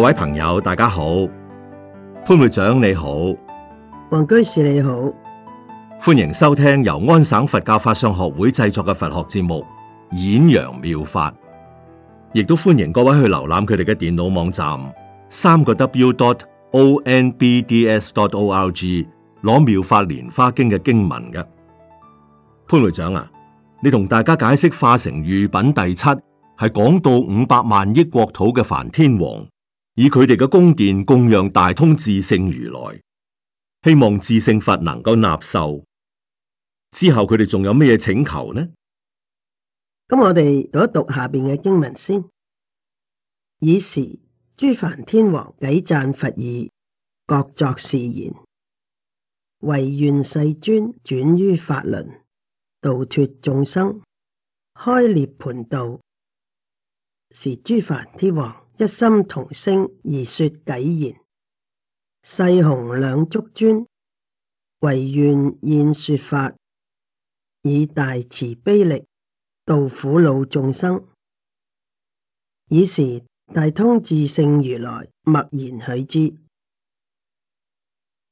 各位朋友，大家好，潘會長你好，王居士你好，歡迎收聽由安省佛教法相學會製作嘅佛學節目《演揚妙法》，亦都歡迎各位去瀏覽佢哋嘅電腦網站三個 W dot O N B D S dot O R G 攞妙法蓮華經嘅經文嘅潘會長啊，你同大家解釋化城喻品第七係講到五百萬億國土嘅梵天王。以佢哋嘅宮殿供養大通智勝如來，希望智勝佛能夠納受。之後佢哋仲有咩請求呢？咁我哋讀一讀下邊嘅經文先。以時諸梵天王偈讚佛意，各作是言，唯願世尊轉於法輪，度脫眾生，開涅盤道。是諸梵天王，一心同聲而說偈言，世雄兩足尊，唯願現說法，以大慈悲力度苦惱眾生。以時大通智勝如來默然許之。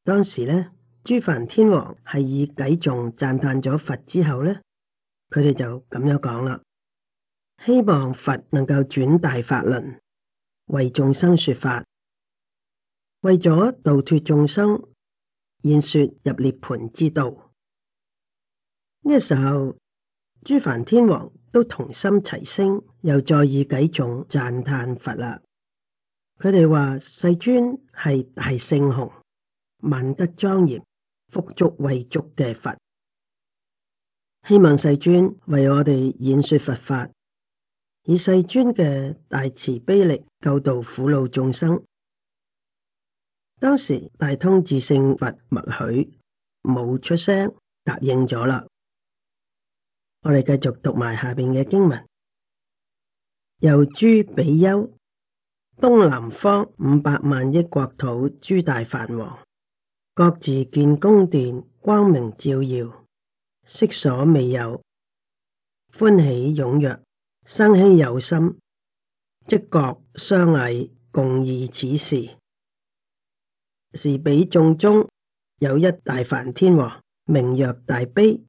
當時呢，諸梵天王係以偈頌讚嘆咗佛之後呢，佢哋就咁樣講啦，希望佛能夠轉大法輪。為眾生說法，為咗度脱眾生，演說入涅槃之道。呢、這個時候，諸梵天王都同心齊聲，又再以偈頌讚歎佛啦。佢哋話：世尊係大聖雄，萬德莊嚴，福足慧足嘅佛。希望世尊為我哋演說佛法。以世尊嘅大慈悲力救度苦惱眾生。當時大通智勝佛默許，冇出聲答應咗啦。我哋繼續讀埋下面嘅經文。由諸比丘，東南方五百萬億國土，諸大梵王，各自建宮殿，光明照耀，色所未有，歡喜踊躍。生希有心，即覺相詣，共議此事。是彼眾中有一大梵天王，名曰大悲，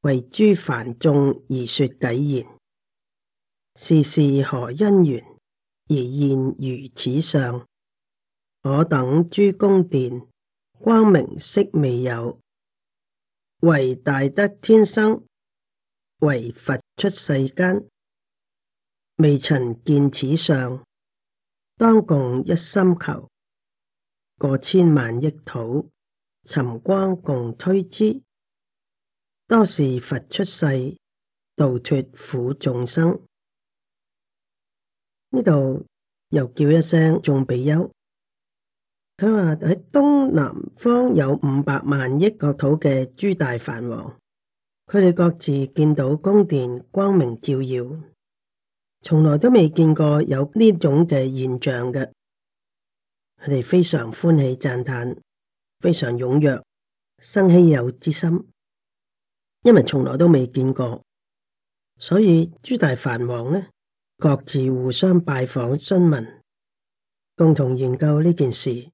為諸梵眾而說偈言：是事何因緣而現如此相？我等諸宮殿光明昔未有，為大德天生，為佛出世間。未曾見此相，當共一心求，過千萬億土，尋光共推之。多是佛出世，度脫苦眾生。呢度又叫一聲眾比丘，佢話喺東南方有五百萬億國土嘅諸大梵王，佢哋各自見到宮殿光明照耀。從來都未見過有呢種嘅現象嘅，佢哋非常歡喜讚歎，非常踊躍，生希有之心，因為從來都未見過，所以諸大梵王呢，各自互相拜訪詢問，共同研究呢件事。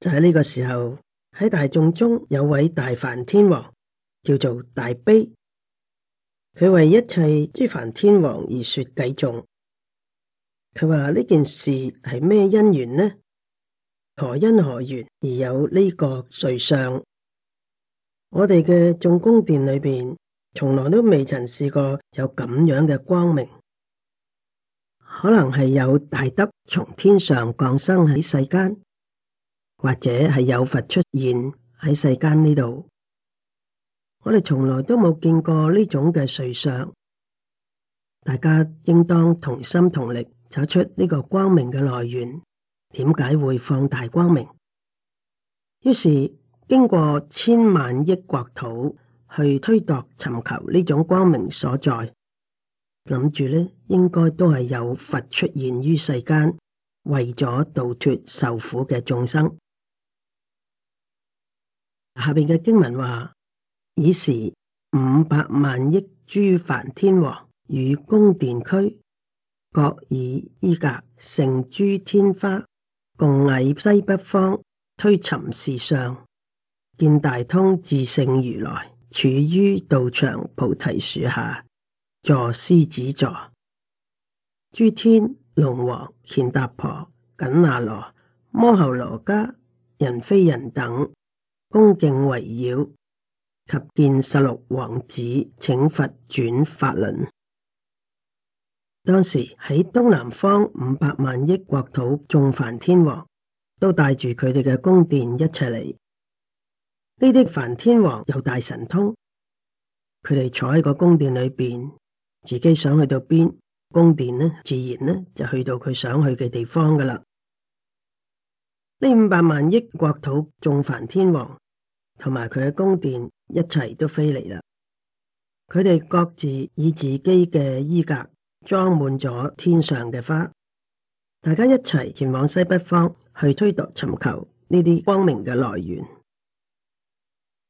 就喺呢個時候，喺大眾中有位大梵天王，叫做大悲。佢為一切諸梵天王而說偈頌。佢話呢件事係咩因緣呢？何因何緣而有呢個瑞相？我哋嘅眾宮殿裏邊，從來都未曾試過有咁樣嘅光明。可能係有大德從天上降生喺世間，或者係有佛出現喺世間呢度。我哋從來都冇見過呢種嘅瑞相，大家應當同心同力找出呢個光明嘅來源。點解會放大光明？於是經過千萬億國土去推度尋求呢種光明所在，諗住呢應該都係有佛出現於世間，為咗度脱受苦嘅眾生。下邊嘅經文話。爾時五百萬億諸梵天王，與宮殿俱，各以衣裓盛諸天花，共詣西北方推尋是相，見大通智勝如來處於道場菩提樹下坐獅子座，諸天、龍王、乾達婆、緊那羅、摩睺羅伽、人非人等恭敬圍繞。及見十六王子，請佛轉法輪。當時喺東南方五百萬億國土，眾梵天王都帶住佢哋嘅宮殿一齊嚟。呢啲梵天王有大神通，佢哋坐喺個宮殿裏邊，自己想去到邊，宮殿呢，自然呢就去到佢想去嘅地方噶啦。呢五百萬億國土眾梵天王。同埋佢嘅宮殿一齊都飛嚟啦，佢哋各自以自己嘅衣裓裝滿咗天上嘅花，大家一齊前往西北方去推度尋求呢啲光明嘅來源。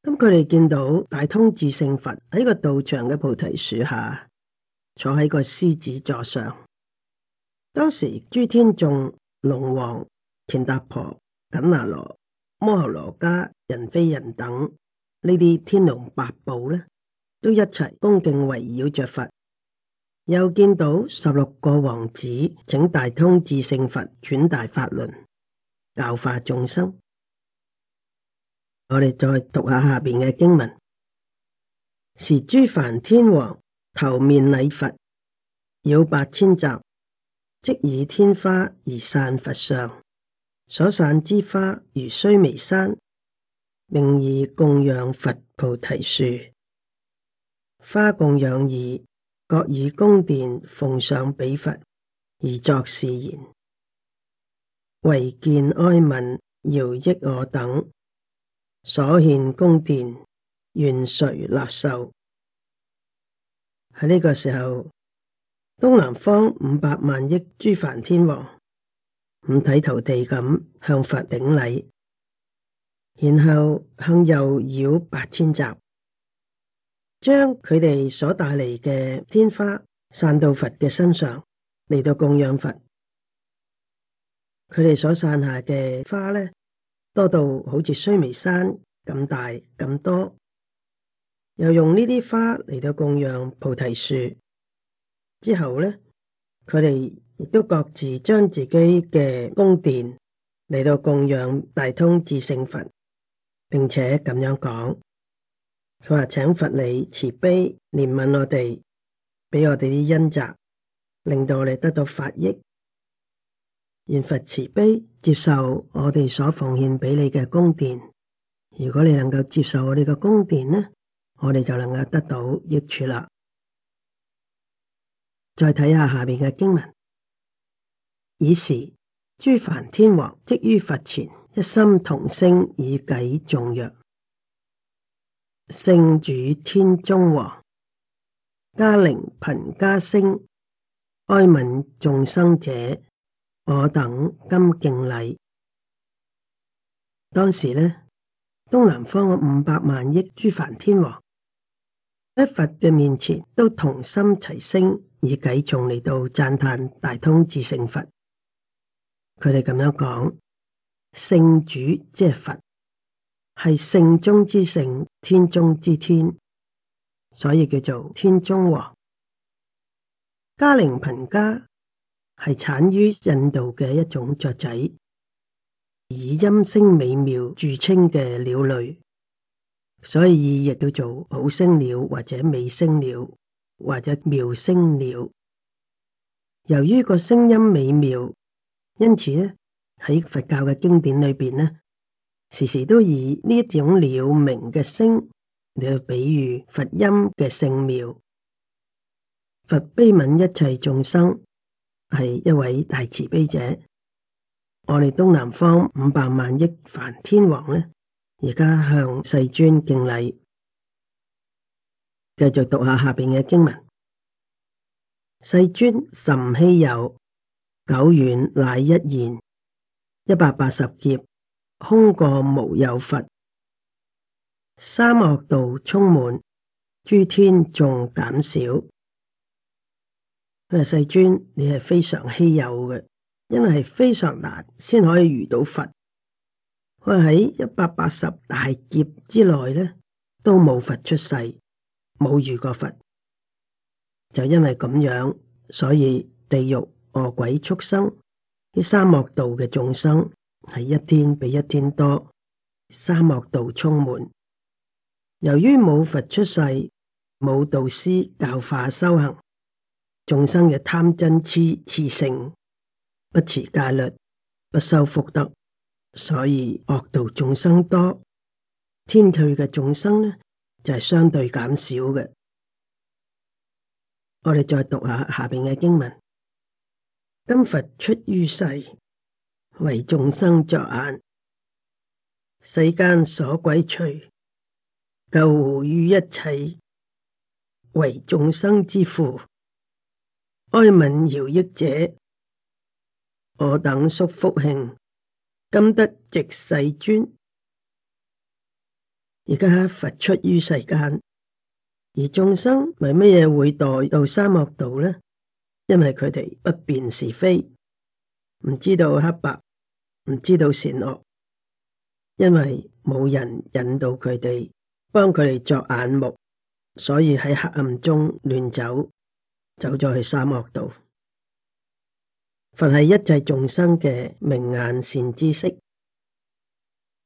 咁佢哋見到大通智勝佛喺個道場嘅菩提樹下坐喺個獅子座上，當時諸天眾龍王乾達婆、緊那羅、摩睺羅伽。人非人等呢啲天龍八部呢，都一齊恭敬圍繞着佛。又見到十六個王子請大通智勝佛轉大法輪，教化眾生。我哋再讀下下邊嘅經文：時諸梵天王頭面禮佛，繞八千集，即以天花而散佛上，所散之花如須彌山。並以供養佛菩提樹，花供養以各以宮殿奉上彼佛而作是言：唯見哀愍饒益我等所獻宮殿願垂納受？喺呢個時候，東南方五百萬億諸梵天王五體投地咁向佛頂禮。然後向右繞八千匝，將佢哋所帶嚟嘅天花散到佛嘅身上，嚟到供養佛。佢哋所散下嘅花咧，多到好似須彌山咁大咁多，又用呢啲花嚟到供養菩提樹。之後咧，佢哋亦都各自將自己嘅宮殿嚟到供養大通智勝佛。並且咁樣講，佢話，請佛你慈悲憐憫我哋，俾我哋啲恩澤，令到我哋得到法益。願佛慈悲接受我哋所奉獻俾你嘅宮殿。如果你能夠接受我哋嘅宮殿呢，我哋就能夠得到益處啦。再睇下下邊嘅經文，以時諸梵天王即於佛前。一心同聲以偈頌曰：聖主天中王，迦陵頻伽聲，哀憫眾生者，我等今敬禮。當時呢，東南方嘅五百萬億諸梵天王，喺佛嘅面前都同心齊聲以偈頌嚟到讚歎大通智勝佛。佢哋咁樣講。聖主即係佛，係聖中之聖，天中之天，所以叫做天中王。迦陵頻伽係產於印度嘅一種雀仔，以音聲美妙著稱嘅鳥類，所以亦叫做好聲鳥或者美聲鳥或者妙聲鳥。由於個聲音美妙，因此咧。喺佛教嘅經典裏邊呢，時時都以呢一種鳥鳴嘅聲嚟比喻佛音嘅聖妙。佛悲憫一切眾生，係一位大慈悲者。我哋東南方五百萬億梵天王呢，而家向世尊敬禮。繼續讀下下邊嘅經文：世尊甚希有，久遠乃一言。一百八十劫空過無有佛，三惡道充滿，諸天眾減少。佢話世尊，你係非常稀有嘅，因為係非常難先可以遇到佛。佢喺一百八十大劫之內咧，都冇佛出世，冇遇過佛，就因為咁樣，所以地獄餓鬼畜生。啲三惡道嘅眾生係一天比一天多，三惡道充滿。由於冇佛出世，冇導師教化修行，眾生嘅貪嗔癡熾盛，不持戒律，不修福德，所以惡道眾生多。天退嘅眾生呢，就係、是、相對減少嘅。我哋再讀下下面嘅經文。今佛出於世，為眾生作眼，世間所歸趣，救護於一切，為眾生之父，哀憫饒益者，我等宿福慶，今得值世尊。而家佛出於世間，而眾生為乜嘢會墮到三惡道呢？因為佢哋不辨是非，唔知道黑白，唔知道善惡，因為冇人引導佢哋，幫佢哋作眼目，所以喺黑暗中亂走，走咗去沙漠度。佛係一切眾生嘅明眼善知識，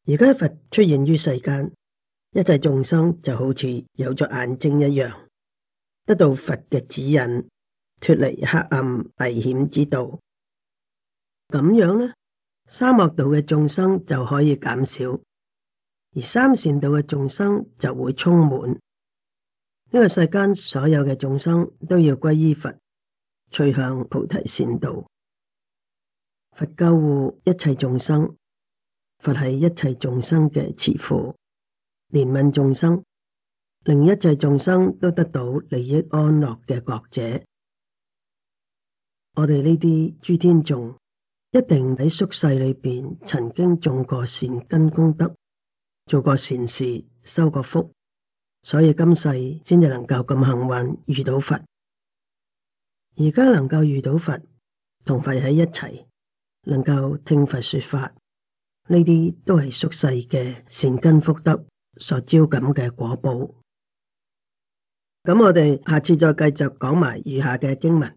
而家佛出現於世間，一切眾生就好似有咗眼睛一樣，得到佛嘅指引。脫離黑暗危險之道，咁樣呢，三惡道嘅眾生就可以減少，而三善道嘅眾生就會充滿。呢、這個世間所有嘅眾生都要歸依佛，趨向菩提善道。佛救護一切眾生，佛係一切眾生嘅慈父，憐憫眾生，令一切眾生都得到利益安樂嘅覺者。我哋呢啲諸天眾一定喺宿世裏邊曾經種過善根功德，做過善事，修過福，所以今世先至能夠咁幸運遇到佛。而家能夠遇到佛，同佛喺一齊，能夠聽佛說法，呢啲都係宿世嘅善根福德所招感嘅果報。咁我哋下次再繼續講埋餘下嘅經文。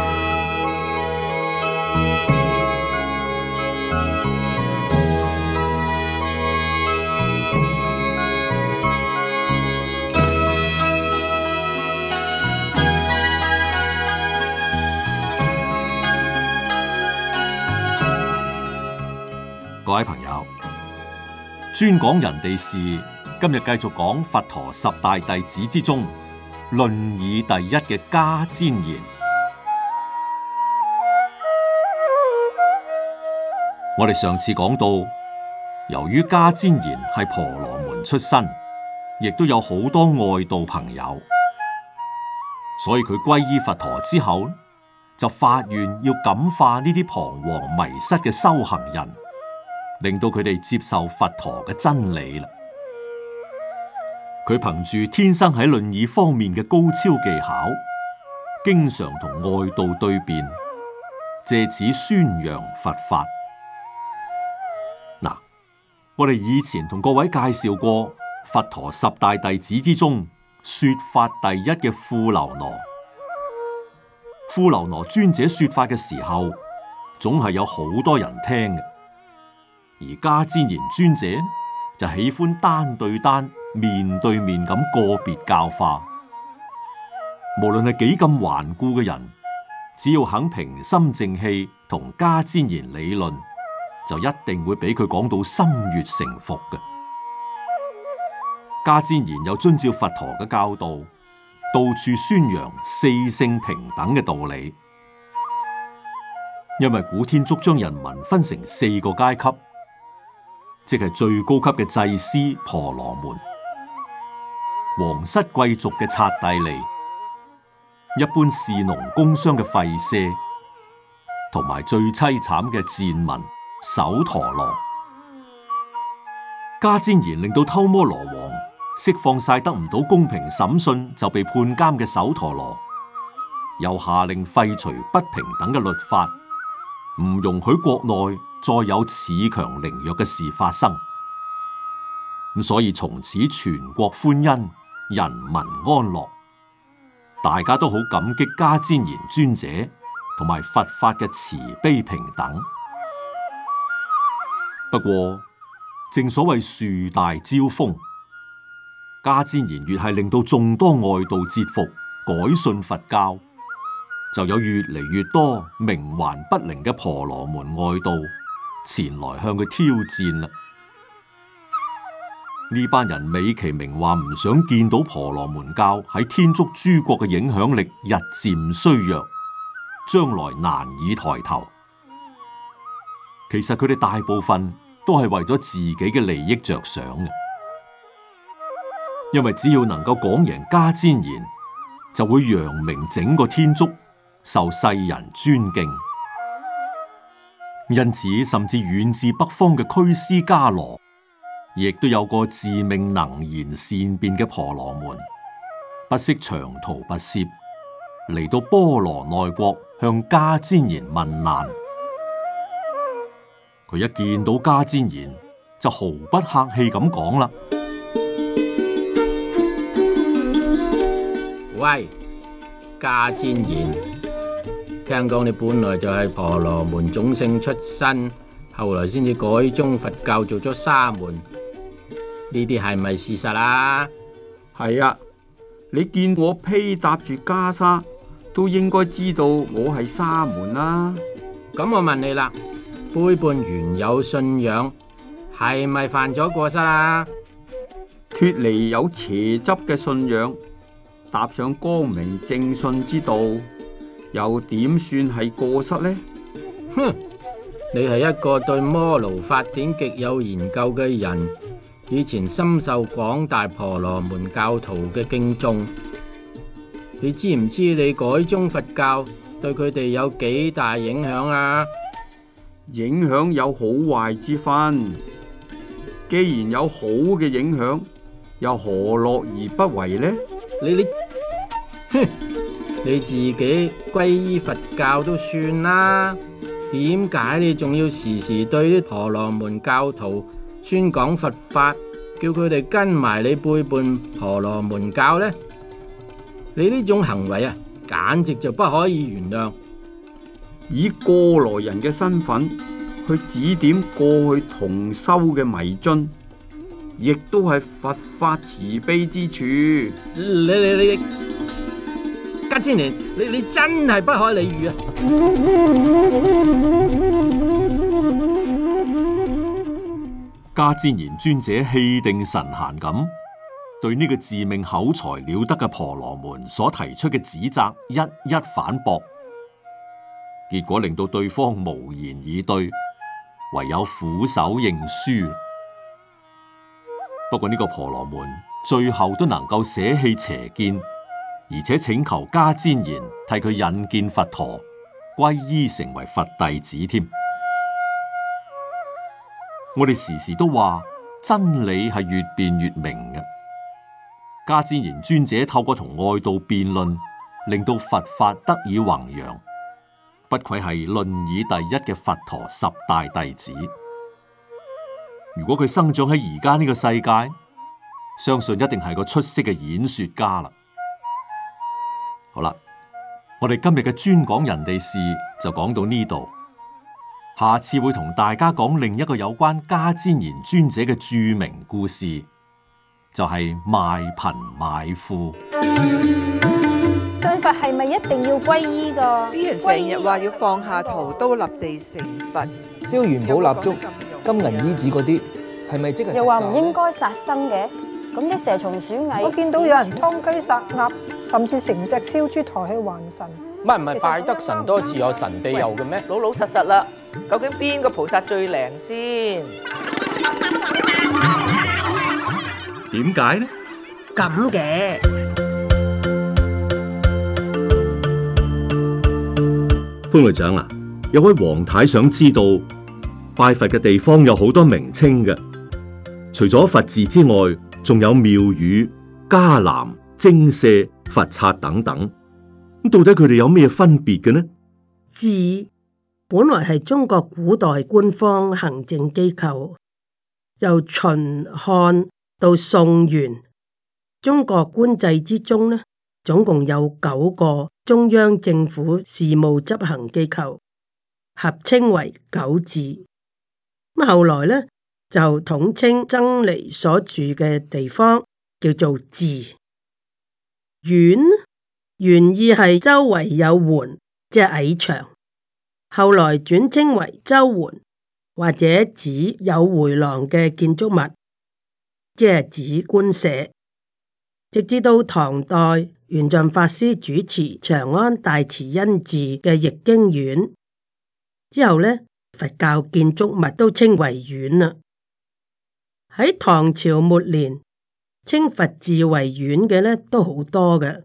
專講人哋事，今日繼續講佛陀十大弟子之中論議第一嘅迦旃延。 我哋上次講到，由於迦旃延係婆羅門出身，亦都有好多外道朋友，所以佢皈依佛陀之後，就發願要感化呢啲彷徨迷失嘅修行人。令到佢哋接受佛陀嘅真理啦。佢憑住天生喺論議方面嘅高超技巧，經常同外道對辯，借此宣揚佛法。嗱，我哋以前同各位介紹過佛陀十大弟子之中說法第一嘅富樓那。富樓那尊者說法嘅時候，總係有好多人聽嘅。而迦旃延尊者就喜歡單對單、面對面咁個別教化，無論係幾咁頑固嘅人，只要肯平心靜氣同迦旃延理論，就一定會俾佢講到心悅誠服嘅。迦旃延又遵照佛陀嘅教導，到處宣揚四姓平等嘅道理。因為古天竺將人民分成四個階級。即係最高級嘅祭司婆羅門、皇室貴族嘅剎帝利、一般士農工商嘅吠舍，同埋最淒慘嘅賤民首陀羅。迦旃延令到偷摩羅王釋放晒得唔到公平審訊就被判監嘅首陀羅，又下令廢除不平等嘅律法，唔容許國內，再有恃強凌弱嘅事發生，所以從此全國歡欣，人民安樂，大家都好感激迦旃延尊者同埋佛法嘅慈悲平等。不過正所謂樹大招風，迦旃延越係令到眾多外道折服改信佛教，就有越嚟越多冥頑不靈嘅婆羅門外道。前來向佢挑戰啦！呢班人美其名話唔想見到婆羅門教喺天竺諸國嘅影響力日漸衰弱，將來難以抬頭。其實佢哋大部分都係為咗自己嘅利益着想嘅，因為只要能夠講贏迦旃延，就會揚名整個天竺，受世人尊敬。因此，甚至遠自北方嘅屈斯伽羅，亦都有個自命能言善辯嘅婆羅門，不惜長途跋涉，嚟到波羅奈國向迦旃延問難。佢一見到迦旃延，就毫不客氣咁講啦：喂，迦旃延。聽講你本來就係婆羅門種姓出身，後來先至改宗佛教做咗沙門，呢啲係咪事實啊？係啊，你見我披搭住袈裟，都應該知道我係沙門啦，啊。咁，嗯、我問你啦，背叛原有信仰係咪犯咗過失啊？脫離有邪執嘅信仰，踏上光明正信之道。又點算係過失呢？哼，你係一個對摩羅法典極有研究嘅人，以前深受廣大婆羅門教徒嘅敬重。你知唔知你改宗佛教對佢哋有幾大影響啊？影響有好壞之分。既然有好嘅影響，又何樂而不為呢？你你，哼。你自己皈依佛教都算啦，點解你仲要時時對啲婆羅門教徒宣講佛法，叫佢哋跟埋你背叛婆羅門教呢？你呢種行為啊，簡直就不可以原諒。以過來人嘅身份去指點過去同修嘅迷津，亦都係佛法慈悲之處。你你你。你你你迦旃延，你你真係不可理喻啊！迦旃延尊者氣定神閒咁，對呢個自命口才了得嘅婆羅門所提出嘅指責一一反駁，結果令到對方無言以對，唯有俯首認輸。不過呢個婆羅門最後都能夠捨棄邪見。而且請求迦旃延替佢引見佛陀，皈依成為佛弟子添。我哋時時都話真理係越辯越明嘅。迦旃延尊者透過同外道辯論，令到佛法得以弘揚。不愧係論議第一嘅佛陀十大弟子。如果佢生長喺而家呢個世界，相信一定係個出色嘅演說家啦。好啦，我哋今日嘅專講人哋事就講到呢度，下次會同大家講另一個有關迦旃延尊者嘅著名故事，就係、是、賣貧買富。信佛係咪一定要皈依噶？啲人成日話要放下屠刀立地成佛，燒元寶蠟燭、金銀衣紙嗰啲，係咪即係？又話唔應該殺生嘅？咁啲蛇蟲鼠蟻，我見到有人劏雞殺鴨，甚至成隻燒豬抬起還神。唔係唔係，拜得神多自有神庇佑嘅咩？老老實實啦，究竟邊個菩薩最靈先？點解呢？咁嘅潘旅長啊，有位黃太想知道拜佛嘅地方有好多名稱嘅，除咗佛寺之外。仲有廟宇、伽藍、精舍、佛剎等等，到底佢哋有咩分別嘅呢？寺本來係中國古代官方行政機構，由秦漢到宋元，中國官制之中呢，總共有九個中央政府事務執行機構，合稱為九寺。咁後來呢？就統稱僧尼所住嘅地方叫做寺院，原意係周圍有垣，即係矮牆，後來轉稱為周垣，或者指有回廊嘅建築物，即係指官舍。直至到唐代，玄奘法師主持長安大慈恩寺嘅譯經院之後呢，佛教建築物都稱為院啦。喺唐朝末年，稱佛寺為院嘅都好多嘅。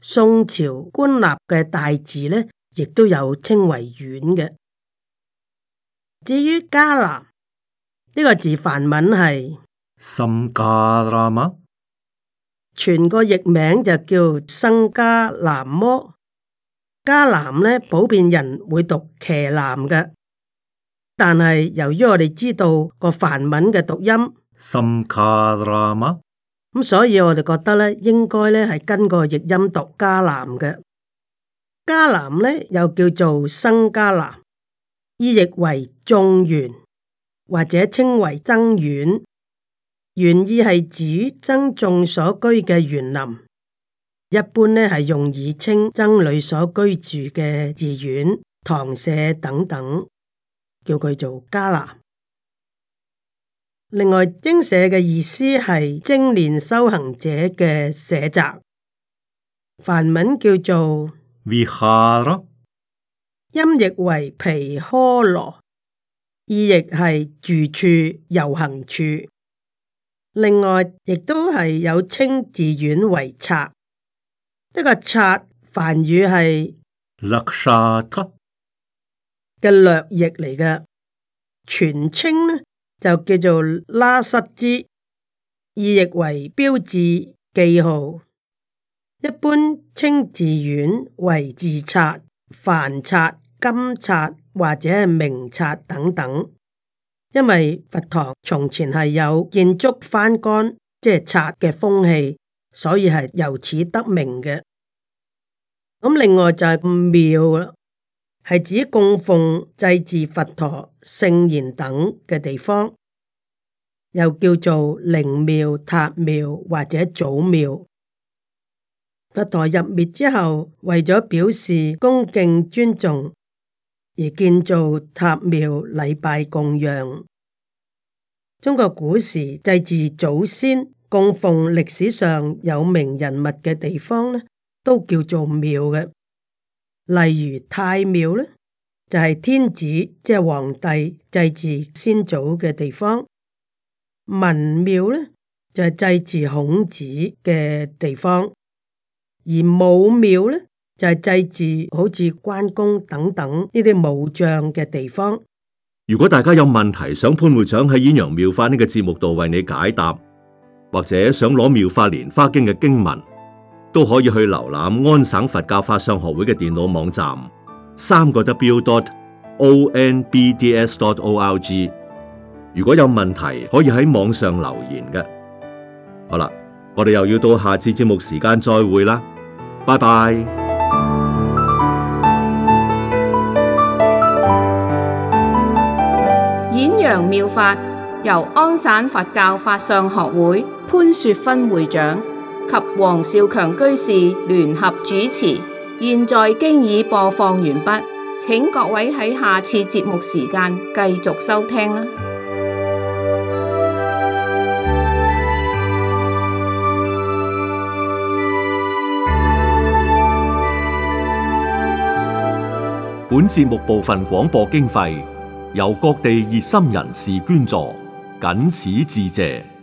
宋朝官立嘅大寺咧，亦都有稱為院嘅。至於伽藍呢、這個字梵文係 samgharama 全個譯名就叫僧伽藍摩。伽藍呢，普遍人會讀騎藍嘅。但係由於我哋知道個梵文嘅讀音，咁、嗯、所以我哋覺得咧，應該咧係跟個譯音讀伽藍嘅，伽藍咧又叫做僧伽藍，意譯為眾園，或者稱為僧園。原意係指僧眾所居嘅園林，一般咧係用以稱僧侶所居住嘅寺院、堂舍等等。叫佢做加納。另外，精舍嘅意思係精練修行者嘅舍宅。梵文叫做維哈羅，音譯為毗訶羅，意譯係住處、遊行處。另外，亦都係有稱寺院為剎，呢個剎梵語係。嘅略譯嚟嘅，全稱呢，就叫做拉瑟之，意譯為標誌、記號。一般稱寺院為寺剎、梵剎、金剎或者係明剎等等。因為佛堂從前係有建築幡竿，即係剎嘅風氣，所以係由此得名嘅。咁另外就係廟啦。係指供奉、祭祀佛陀、聖賢等嘅地方，又叫做靈廟、塔廟或者祖廟。佛陀入滅之後，為咗表示恭敬尊重，而建造塔廟禮拜供養。中國古時祭祀祖，祖先、供奉歷史上有名人物嘅地方呢，都叫做廟嘅。例如太廟咧，就係、是、天子即係、就是、皇帝祭祀先祖嘅地方；文廟咧，就係、是、祭祀孔子嘅地方；而武廟咧，就係、是、祭祀好似關公等等呢啲武將嘅地方。如果大家有問題，想潘會長喺《演陽妙法》呢、這個節目度為你解答，或者想攞《妙法蓮華經》嘅經文。都可以去瀏覽安省佛教法相學會嘅電腦網站，三個 w dot o n b d s dot o l g。如果有問題，可以喺網上留言嘅。好啦，我哋又要到下次節目時間再會啦，拜拜。演揚妙法由安省佛教法相學會潘雪芬會長。及黃少強居士聯合主持，現在經已播放完畢，請各位喺下次節目時間繼續收聽啦。本節目部分廣播經費由各地熱心人士捐助，謹此致謝。